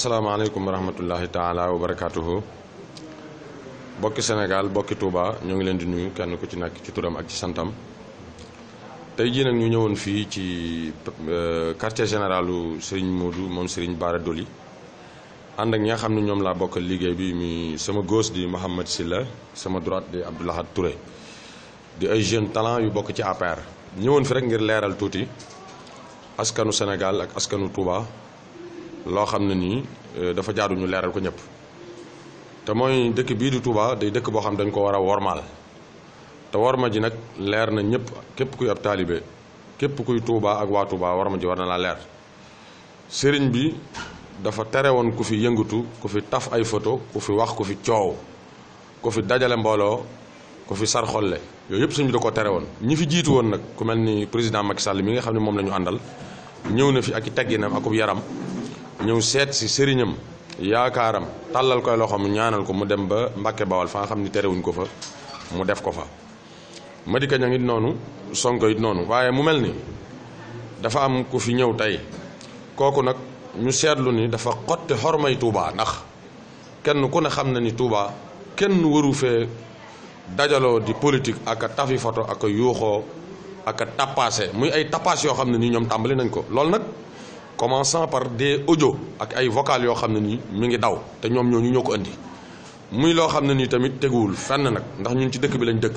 asalaamaaleykum wa rahmatullahi taala wa barakaatuhu bokki Sénégal bokki Touba ñoo ngi leen di nuyu kenn ku ci nekk ci turam ak ci santam tey jii nag ñu ñëwoon fii ci euh, quartier généralu sëriñ Modou moom Serigne Bara Doli ànd ak ñi nga xam ne ñoom laa bokkal liggéey bi muy sama gauche di Mouhamed Silla sama droit di Abdoulahad Touré di ay jeunes talents yu bokk ci APR ñëwoon fi rek ngir leeral tuuti askanu Sénégal ak askanu Touba. loo xam ne nii euh, dafa jaaruñu leeral ko ñépp te mooy dëkk bii du Touba day dëkk boo xam dañ ko war a wormaal te worma ji nag leer na ñëpp képp kuy ab taalibe képp kuy tuubaa ak waa Touba worma ji war na laa leer sëriñ bi dafa tere woon ku fi yëngatu ku fi taf ay photo ku fi wax ku fi coow ku fi dajale mbooloo ku fi sarxolle yooyu yëpp sëriñ bi da ko tere woon ñi fi jiitu woon nag ku mel ni président Macky Sall mi nga xam ne moom lañu àndal ñëw na fi ak i tegginam akub yaram ñëw seet si sëriñam yaakaaram tàllal koy loxoom ñaanal ko mu dem ba Mbàkke Bawal fa nga xam ni terewuñ ko fa mu def ko fa Madika ña ngit noonu sonk it noonu waaye mu mel ni dafa am ku fi ñëw tey kooku nag ñu seetlu ni dafa xotti xormay Touba ndax kenn ku ne xam na ni Touba kenn waru fee dajaloo di politique ak a tafi foto ak a yuuxoo ak a tappaase muy ay tappaas yoo xam ne nii ñoom tàmbali nañ ko loolu nag commençant par des ojo ak ay vocal yoo xam ne nii mu ngi daw te ñoom ñoo ñu ñoo ko indi muy loo xam ne nii tamit teguwul fenn nag ndax ñun ci dëkk bi lañu dëkk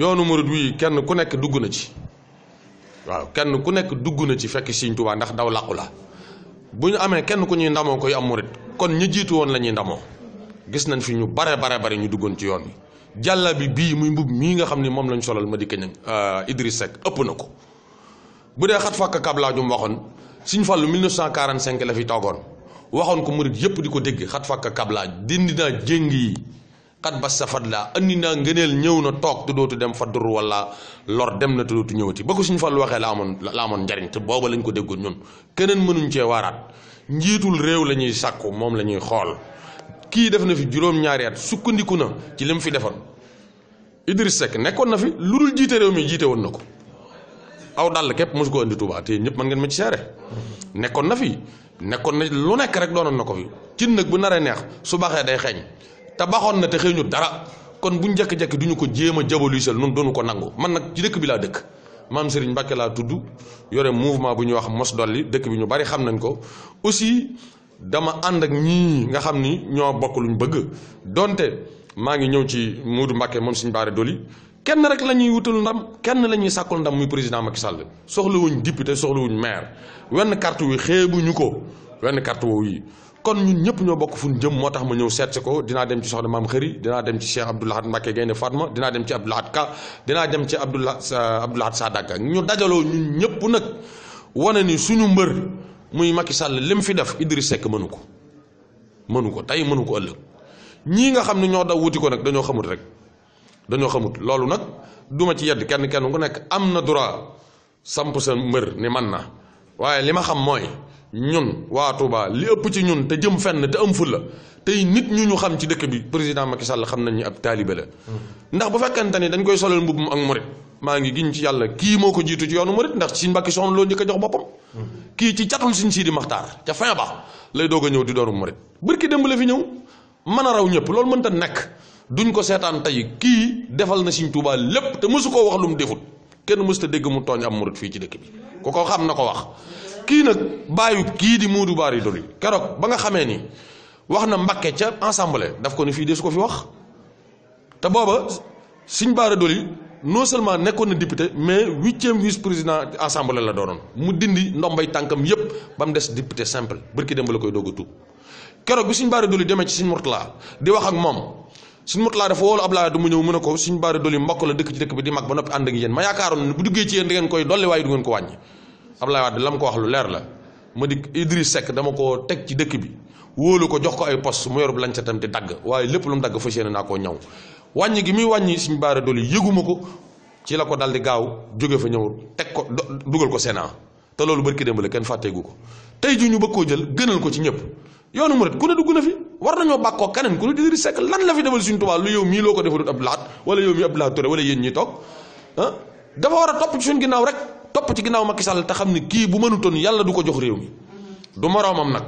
yoonu murid wi kenn ku nekk dugg na ci waaw kenn ku nekk dugg na ci fekk Sëriñ Tuubaa ndax daw làqu la bu ñu amee kenn ku ñuy ndamoo koy am murid kon ñi jiitu woon la ñuy ndamoo gis nañ fi ñu bare bare bare ñu duggoon ci yoon wi jàlla bi bii muy mbub mii nga xam ne moom lañ solal ma di keñan euh, Idriss Seck ëpp na ko bu dee xat fàkk kablaajum waxoon Sëñ Fallu 1945 la fi toogoon waxoon ko murit yëpp di ko dégg xat fakk kabla dindi naa jéng yi xat sa fad la andi naa ngëneel ñëw na toog te dootu dem faddur walla lor dem na te dootu ñëwati ba ko Sëñ Fallu waxee la amoon la amoon njariñ te booba lañ ko déggoon ñun keneen mënuñ cee waaraat njiitul réew la ñuy sàkku moom la ñuy xool kii def na fi juróom-ñaari at sukkandiku na ci li mu fi defoon Idriss Seck nekkoon na fi lu dul jiite réew mi jiite woon na ko aw dàll képp mosu ko indi Touba te ñëpp man ngeen ma ci seere nekkoon na fi nekkoon na lu nekk rek doonoon na ko fi cin nag bu naree neex su baxee day xeeñ te baxoon na te xëy ñu dara kon bu ñu jékki-jékki du ko jéem a jabaluisal nun doonu ko nangu man nag ci dëkk bi laa dëkk maam Serigne Mbacke laa tudd yore mouvement bu ñuy wax mos dolli dëkk bi ñu bari xam nañ ko aussi dama ànd ak ñii nga xam ni ñoo bokk luñ bëgg donte maa ngi ñëw ci Modou Mbacke moom Serigne Bara Doli kenn rek la ñuy wutal ndam kenn la ñuy sàkkul ndam muy président Macky Sall soxlawuñ soxla wuñ maire wenn carte wi ñu ko wenn carte woowu yi kon ñun ñëpp ñoo bokk fu ñu jëm moo tax ma ñëw seet si ko dinaa dem ci soxla maam xëri dinaa dem ci Cheikh Abdou Lahad Mbacké Gaïndé Fatma dinaa dem ci Abdou Lahad Ka dinaa dem ci Abdou Lahad Sadaka ñu dajaloo ñun ñëpp nag wane ni suñu mbër muy Macky Sall lim fi def Idriss Seck mënu ko mënu ko tey mënu ko ëllëg ñii nga xam ne ñoo daw wuti ko nag dañoo xamut rek dañoo xamut loolu nag duma ci yedd kenn kenn ku nekk am na droit samp sa mbër ni man na waaye li ma xam mooy ñun waa Touba li ëpp ci ñun te jëm fenn te am la tey nit ñu ñu xam ci dëkk bi président Macky Sall xam nañ ni ab taalibe la mm. ndax bu fekkente ni dañ koy solal mbubb mu ak murit maa ngi giñ ci yàlla kii moo ko jiitu ci yoonu murit ndax Sëñ Mbàkke Soxna Lo njëkk a jox boppam mm. kii ci catul sii di Maxtaar ca fin ba lay doog a ñëw di dooru murit bërki démb la fi ñëw mën a raw ñëpp loolu mënta nekk duñ ko seetaan tey kii defal na Sëriñ Tuubaa lépp te mësu koo wax lu mu defut kenn mës ta dégg mu tooñ am murit fii ci dëkk bi ko ko xam na ko wax kii nag bàyyu kii di Modou Bari Dolly keroog ba nga xamee ni wax na Mbàkke ca Assemblée daf ko ni fii des ko fi wax te booba Sëriñ Bara Dolly non seulement nekkoon na député mais huitième vice président assemblée la doonoon mu dindi ndombay tànkam yépp ba mu des député simple bërki dem ba la koy doog a bi Sëriñ Bara Dolly demee ci Sëriñ Murtala di wax ak suñ motulaa dafa woolu Ablaye du mu ñëw mu ne ko suñ baara doli mbokk la dëkk ci dëkk bi di mag ba noppi ànd ak yéen ma yaakaaroon bu duggee ci yéen ko wax lu leer la ma di Idriss dama ko teg ci dëkk bi wóolu ko jox ko ay poste mu yorub lanca dagg waaye lépp lu mu dagg fas naa koo ñaw wàññi gi muy wàññi suñ baara doli yëguma ko ci la ko dal di gaaw jóge fa ñëw teg ko dugal ko Sénat te loolu barki démb la kenn fàtteegu ko tey ju ñu bëgg koo jël gënal ko ci ñëpp yoonu murit ku ne dugg na fi war nañoo bàkkoo keneen ku ne Idrissa Seck lan la fi defal Sëriñ Tuubaa lu yow mii loo ko defalut ab laat wala yow mii ab laat Touré wala yéen ñi toog ah, dafa war a topp ci suñ ginnaaw topp ci ginnaaw Macky Sall te xam ne kii bu mënutoon yàlla du ko jox réew mi du moroomam nag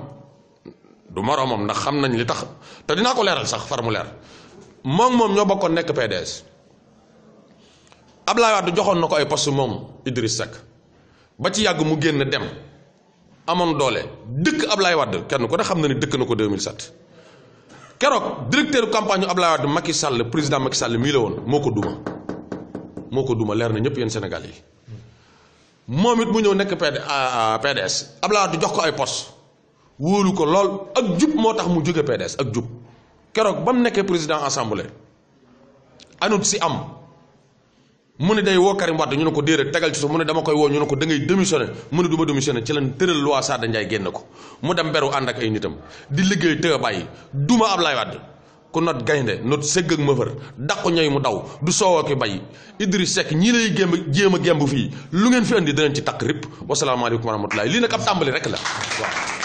du moroomam ndax xam nañ li tax te dinaa ko leeral sax far mu leer moom moom ñoo bokkoon nekk PDS Abdoulaye Wade joxoon na ko ay poste moom Idriss Seck ba ci yàgg mu génn dem. amoon doole dëkk ab Ablaye Wade kenn ko da xam na ni dëkk na ko 2007 keroog directeur campagne yu Ablaye Wade Macky Sall président Macky Sall mii la woon moo ko duma moo ko duma leer na ñëpp yéen Sénégal yi moom it mu ñëw nekk PD ah, ah, PDS Ablaye Wade jox ko ay poste wóolu ko lool ak jub moo tax mu jóge PDS ak jub keroog ba mu nekkee président assemblée anut si am. mu ne day woo Karim Wade ñu ne ko déedéet tegal ci suuf mu ne dama koy woo ñu ne ko da ngay démissionné mu ne du ma ci lañ tëral loi Sada Ndiaye génn ko mu dem beru ànd ak ay nitam di liggéey tëb bàyyi duma Ablaye Wade ku not gaynde not sëgg ak mëfër dàqu ñooy mu daw du soowoo ki bay Idriss Seck ñii lay gémb jéem a gémb fii lu ngeen fi andi danañ ci takk rip wasalaamaaleykum wa rahmatulah lii nag ab tàmbali rek la waaw.